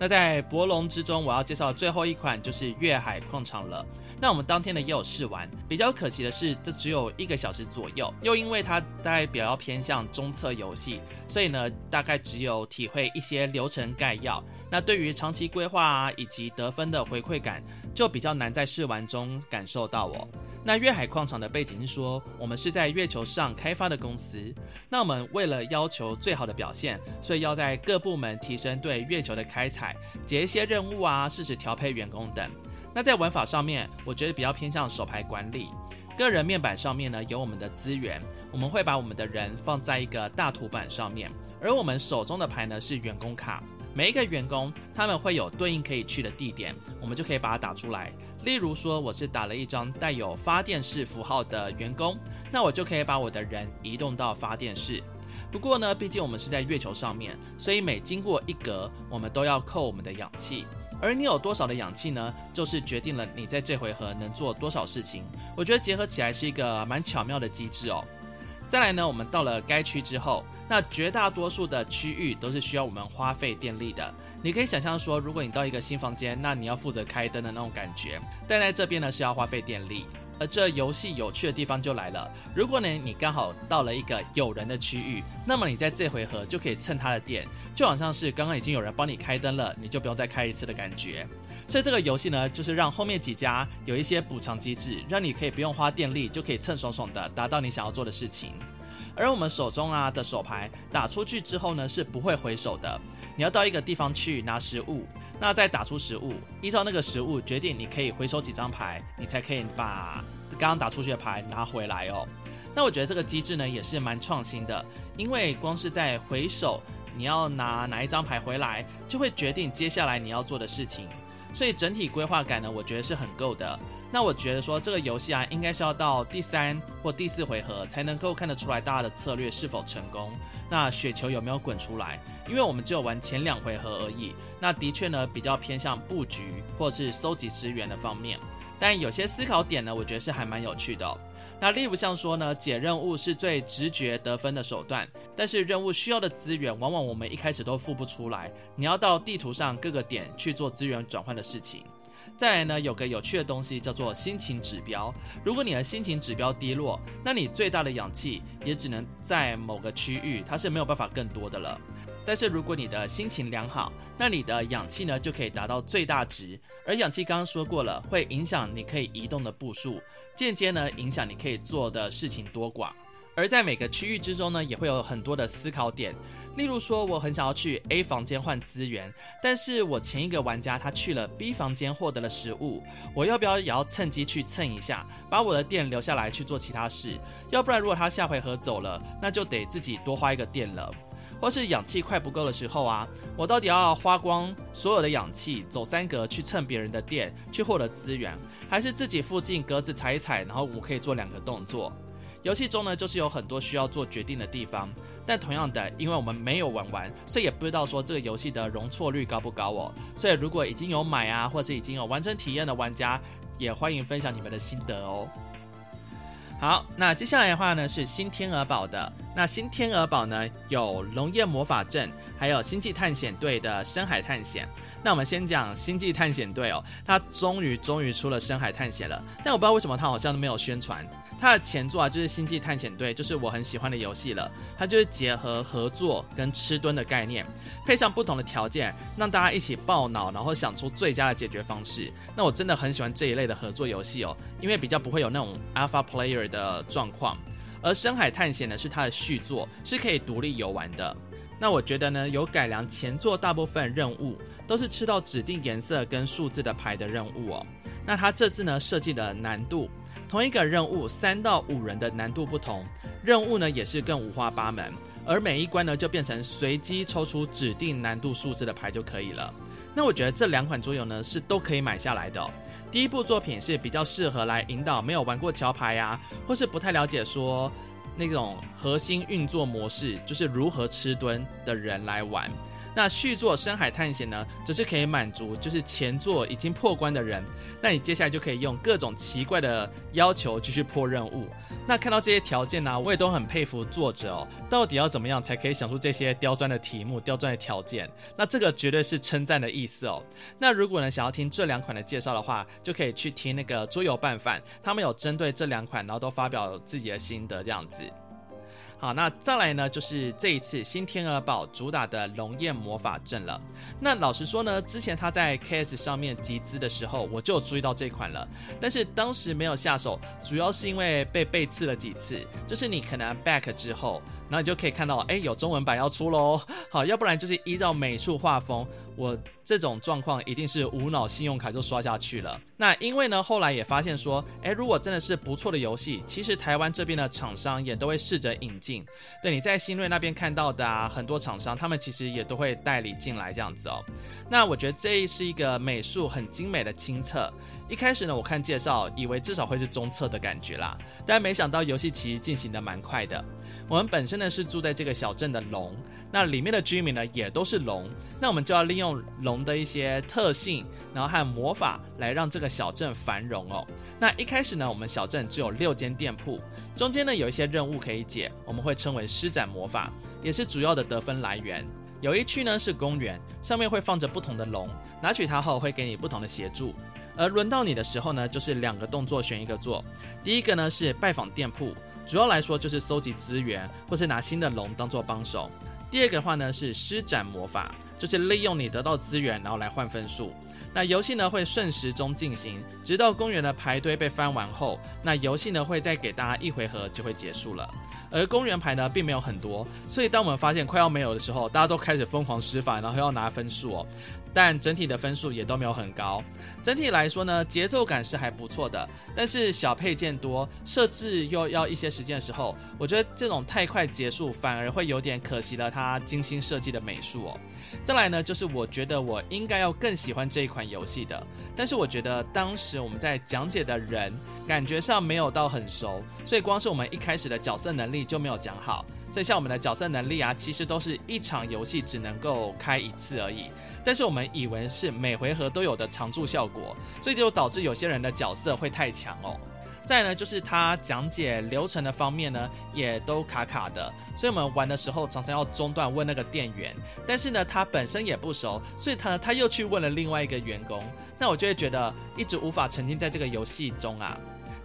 那在博龍之中，我要介紹最後一款就是月海礦場了。那我們當天呢也有試玩，比較可惜的是，這只有一個小時左右，又因為它代表要偏向中策遊戲，所以呢大概只有體會一些流程概要。那對於長期規劃啊以及得分的回饋感，就比較難在試玩中感受到哦。那月海礦場的背景是說，我們是在月球上開發的公司。那我們為了要求最好的表現，所以要在各部門提升對月球的開採。解一些任務啊，適時調配員工等。那在玩法上面，我覺得比較偏向手牌管理。個人面板上面呢，有我們的資源，我們會把我們的人放在一個大圖板上面，而我們手中的牌呢是員工卡。每一個員工他們會有對應可以去的地點，我們就可以把它打出來。例如說，我是打了一張帶有發電室符號的員工，那我就可以把我的人移動到發電室。不過呢，畢竟我們是在月球上面，所以每經過一格，我們都要扣我們的氧氣。而你有多少的氧氣呢？就是決定了你在這回合能做多少事情。我覺得結合起來是一個蠻巧妙的機制哦。再來呢，我們到了該區之後，那絕大多數的區域都是需要我們花費電力的。你可以想象說，如果你到一個新房間，那你要負責開燈的那種感覺。但在這邊呢，是要花費電力。而這遊戲有趣的地方就來了，如果呢你剛好到了一個有人的區域，那麼你在這回合就可以蹭他的電，就好像是剛剛已經有人幫你開燈了，你就不用再開一次的感覺。所以這個遊戲呢，就是讓後面幾家有一些補償機制，讓你可以不用花電力就可以蹭爽爽的達到你想要做的事情。而我們手中啊的手牌打出去之後呢，是不會回手的。你要到一個地方去拿食物，那再打出食物，依照那個食物決定你可以回收幾張牌，你才可以把剛剛打出去的牌拿回來哦。那我覺得這個機制呢，也是蠻創新的，因為光是在回收，你要拿哪一張牌回來，就會決定接下來你要做的事情。所以整體規劃感呢，我覺得是很夠的。那我覺得說這個遊戲啊，應該是要到第三或第四回合才能夠看得出來大家的策略是否成功，那雪球有沒有滾出來？因為我們只有玩前兩回合而已。那的確呢，比較偏向布局或是收集資源的方面，但有些思考點呢，我覺得是還蠻有趣的哦。那例如像說呢，解任務是最直覺得分的手段，但是任務需要的資源，往往我們一開始都付不出來。你要到地圖上各個點去做資源轉換的事情。再來呢，有個有趣的東西叫做心情指標。如果你的心情指標低落，那你最大的氧氣也只能在某個區域，它是沒有辦法更多的了。但是如果你的心情良好，那你的氧氣呢就可以達到最大值。而氧氣剛剛說過了，會影響你可以移動的步數。間接呢，影響你可以做的事情多寡，而在每個區域之中呢，也會有很多的思考點。例如說，我很想要去 A 房間換資源，但是我前一個玩家他去了 B 房間獲得了食物，我要不要也要趁機去蹭一下，把我的電留下來去做其他事？要不然如果他下回合走了，那就得自己多花一個電了。或是氧氣快不夠的時候啊，我到底要花光所有的氧氣走三格去蹭別人的電去獲得資源，還是自己附近格子踩一踩，然後我可以做兩個動作？遊戲中呢，就是有很多需要做決定的地方。但同樣的，因為我們沒有玩完，所以也不知道說這個遊戲的容錯率高不高哦。所以如果已經有買啊，或是已經有完成體驗的玩家，也歡迎分享你們的心得哦。好，那接下來的話呢，是新天鵝堡的。那新天鵝堡呢有龍焰魔法陣，還有星際探險隊的深海探險。那我們先講星際探險隊哦，它終於終於出了深海探險了，但我不知道為什麼它好像都沒有宣傳。它的前作啊，就是《星際探險隊》，就是我很喜歡的遊戲了。它就是結合合作跟吃墩的概念，配上不同的條件，讓大家一起爆腦，然後想出最佳的解決方式。那我真的很喜歡這一類的合作遊戲哦，因為比較不會有那種 Alpha Player 的狀況。而《深海探險》呢，是它的續作，是可以獨立遊玩的。那我覺得呢，有改良前作大部分任務，都是吃到指定顏色跟數字的牌的任務哦。那它這次呢，設計的難度。同一個任務，三到五人的難度不同，任務呢也是更五花八門，而每一關呢就變成隨機抽出指定難度數字的牌就可以了。那我覺得這兩款桌遊呢是都可以買下來的、哦。第一部作品是比較適合來引導沒有玩過橋牌呀、啊，或是不太了解說那種核心運作模式，就是如何吃墩的人來玩。那續作深海探險呢，則是可以滿足，就是前作已經破關的人，那你接下來就可以用各種奇怪的要求繼續破任務。那看到這些條件呢、啊，我也都很佩服作者哦，到底要怎麼樣才可以想出這些刁鑽的題目、刁鑽的條件？那這個絕對是稱讚的意思哦。那如果呢想要聽這兩款的介紹的話，就可以去聽那個桌遊拌飯，他們有針對這兩款，然後都發表自己的心得這樣子。好，那再來呢，就是這一次新天鵝堡主打的龍焰魔法陣了。那老實說呢，之前他在 KS 上面集資的時候，我就注意到這款了，但是當時沒有下手，主要是因為被背刺了幾次，就是你可能 back 之後。然後你就可以看到，誒，有中文版要出嘍。好，要不然就是依照美術畫風，我這種狀況一定是無腦信用卡就刷下去了。那因為呢，後來也發現說，誒，如果真的是不錯的遊戲，其實台灣這邊的廠商也都會試着引進。對你在新銳那邊看到的啊，很多廠商他們其實也都會代理進來這樣子哦。那我覺得這是一個美術很精美的輕策。一開始呢，我看介紹以為至少會是中策的感覺啦，但沒想到遊戲其實進行得蠻快的。我們本身呢是住在這個小鎮的龍，那裡面的居民呢也都是龍，那我們就要利用龍的一些特性，然後還有魔法來讓這個小鎮繁榮哦。那一開始呢，我們小鎮只有六間店鋪，中間呢有一些任務可以解，我們會稱為施展魔法，也是主要的得分來源。有一區呢是公園，上面會放着不同的龍，拿取它後會給你不同的協助。而輪到你的時候呢，就是兩個動作選一個做，第一個呢是拜訪店鋪。主要來說就是搜集資源，或是拿新的龍當做幫手。第二個的話呢是施展魔法，就是利用你得到資源，然後來換分數。那遊戲呢會順時鐘進行，直到公園的牌堆被翻完後，那遊戲呢會再給大家一回合就會結束了。而公園牌呢並沒有很多，所以當我們發現快要沒有的時候，大家都開始瘋狂施法，然後要拿分數哦。但整體的分數也都沒有很高。整體來說呢，節奏感是還不錯的，但是小配件多，設置又要一些時間的時候，我覺得這種太快結束反而會有點可惜了它精心設計的美術哦。再來呢，就是我覺得我應該要更喜歡這一款遊戲的，但是我覺得當時我們在講解的人感覺上沒有到很熟，所以光是我們一開始的角色能力就沒有講好，所以像我們的角色能力啊，其實都是一場遊戲只能夠開一次而已，但是我們以為是每回合都有的常駐效果，所以就導致有些人的角色會太強哦。再呢，就是他講解流程的方面呢，也都卡卡的，所以我們玩的時候常常要中斷問那個店員，但是呢，他本身也不熟，所以他他又去問了另外一個員工，那我就會覺得一直無法沉浸在這個遊戲中啊。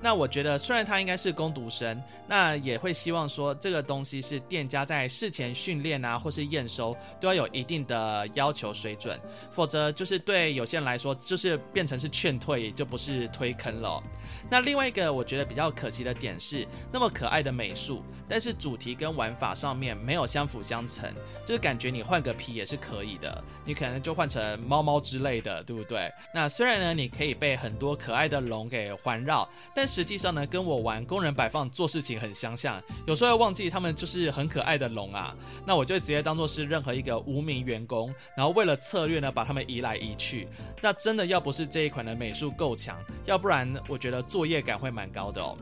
那我覺得，雖然他應該是工讀生，那也會希望說這個東西是店家在事前訓練啊，或是驗收都要有一定的要求水準，否則就是對有些人來說就是變成是勸退，就不是推坑了。那另外一個我覺得比較可惜的點是，那麼可愛的美術，但是主題跟玩法上面沒有相輔相成，就是感覺你換個皮也是可以的，你可能就換成貓貓之類的，對不對？那雖然呢，你可以被很多可愛的龍給環繞，但是。實際上呢，跟我玩工人擺放做事情很相像，有時候要忘記他們就是很可愛的龍啊，那我就直接當做是任何一個無名員工，然後為了策略呢，把他們移來移去，那真的要不是這一款的美術夠強，要不然我覺得作業感會蠻高的哦。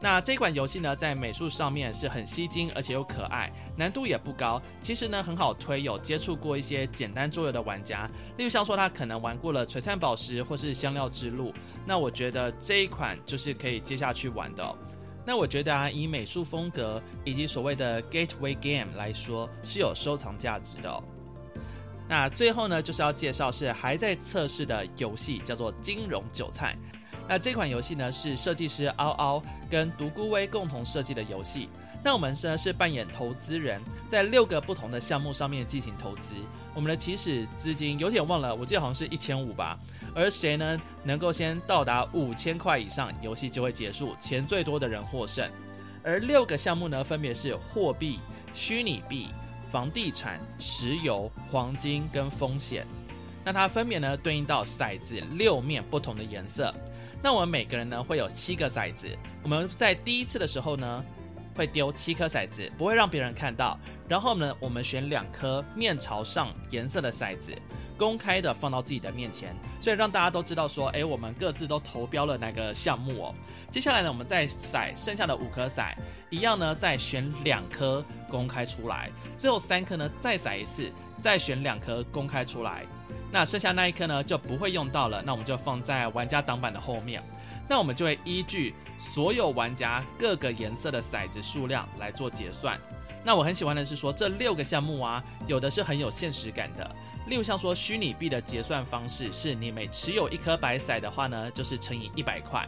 那這款遊戲呢，在美術上面是很吸睛，而且又可愛，難度也不高，其實呢很好推。有接觸過一些簡單桌遊的玩家，例如像說他可能玩過了《璀璨寶石》或是《香料之路》，那我覺得這一款就是可以接下去玩的哦。那我覺得啊，以美術風格以及所謂的 Gateway Game 來說，是有收藏價值的哦。那最後呢，就是要介紹是還在測試的遊戲，叫做《金融韭菜》。那這款遊戲呢，是設計師嗷嗷跟獨孤威共同設計的遊戲。那我們呢是扮演投資人，在六個不同的項目上面進行投資。我們的起始資金有點忘了，我記得好像是一千五吧。而誰呢能夠先到達五千塊以上，遊戲就會結束，錢最多的人獲勝。而六個項目呢分別是貨幣、虛擬幣、房地產、石油、黃金跟風險。那它分別呢對應到骰子六面不同的顏色。那我們每個人呢會有七個骰子，我們在第一次的時候呢會丟七顆骰子，不會讓別人看到。然後呢，我們選兩顆面朝上顏色的骰子，公開的放到自己的面前，所以讓大家都知道說，哎，我們各自都投標了哪個項目哦。接下來呢，我們再骰剩下的五顆骰，一樣呢再選兩顆公開出來，最後三顆呢再骰一次，再選兩顆公開出來。那剩下那一顆呢，就不會用到了。那我們就放在玩家擋板的後面。那我們就會依據所有玩家各個顏色的骰子數量來做結算。那我很喜歡的是說，這六個項目啊，有的是很有現實感的。例如像說，虛擬幣的結算方式是，你每持有一顆白骰的話呢，就是乘以一百塊。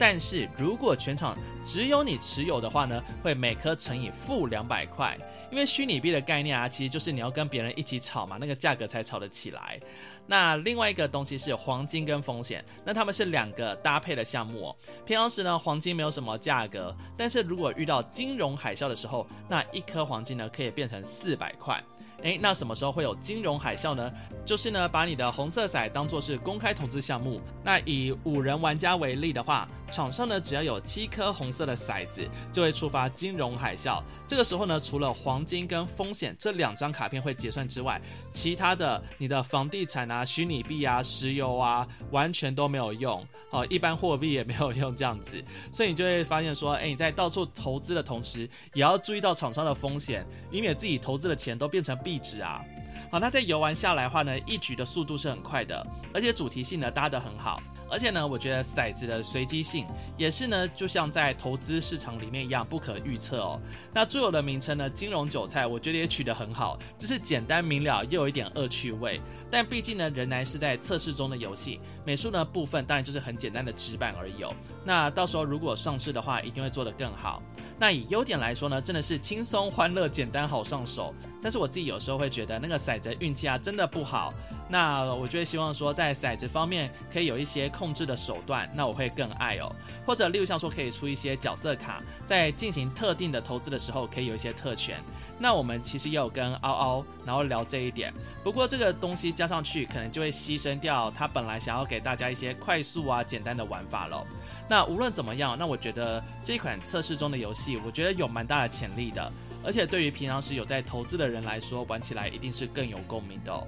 但是，如果全場只有你持有的話呢，會每顆乘以負兩百塊。因為虛擬幣的概念啊，其實就是你要跟別人一起炒嘛，那個價格才炒得起來。那另外一個東西是有黃金跟風險，那他們是兩個搭配的項目喔。平常時呢，黃金沒有什麼價格，但是如果遇到金融海嘯的時候，那一顆黃金呢可以變成四百塊。欸，那什麼時候會有金融海嘯呢？就是呢，把你的紅色仔當做是公開投資項目。那以五人玩家為例的話。場上呢，只要有七顆紅色的骰子，就會觸發金融海嘯。這個時候呢，除了黃金跟風險這兩張卡片會結算之外，其他的你的房地產啊、虛擬幣啊、石油啊，完全都沒有用，一般貨幣也沒有用這樣子。所以你就會發現說，哎，你在到處投資的同時，也要注意到場上的風險，以免自己投資的錢都變成廢紙啊。好，那在遊玩下來的話呢，一局的速度是很快的，而且主題性呢搭得很好。而且呢，我覺得骰子的隨機性也是呢，就像在投資市場裡面一樣不可預測哦。那作者的名稱呢，金融韭菜，我覺得也取得很好，就是簡單明了又有一點惡趣味。但畢竟呢，仍然是在測試中的遊戲，美術呢部分當然就是很簡單的紙板而已哦。那到時候如果上市的話，一定會做得更好。那以優點來說呢，真的是輕鬆、歡樂、簡單、好上手。但是我自己有時候會覺得那個骰子運氣啊真的不好，那我就會希望說在骰子方面可以有一些控制的手段，那我會更愛哦。或者例如像說可以出一些角色卡，在進行特定的投資的時候可以有一些特權。那我們其實也有跟嗷嗷，然後聊這一點，不過這個東西加上去可能就會犧牲掉他本來想要給大家一些快速啊簡單的玩法嘍。那無論怎麼樣，那我覺得這款測試中的遊戲我覺得有蠻大的潛力的。而且對於平常時有在投資的人來說，玩起來一定是更有共鳴的哦。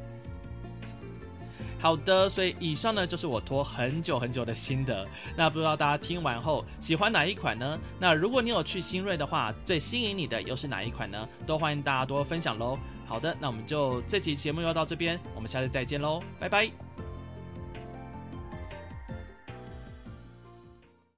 好的，所以以上呢就是我拖很久很久的心得。那不知道大家聽完後喜歡哪一款呢？那如果你有去新銳的話，最吸引你的又是哪一款呢？都歡迎大家多分享嘍。好的，那我們就這期節目就到這邊，我們下次再見嘍，拜拜。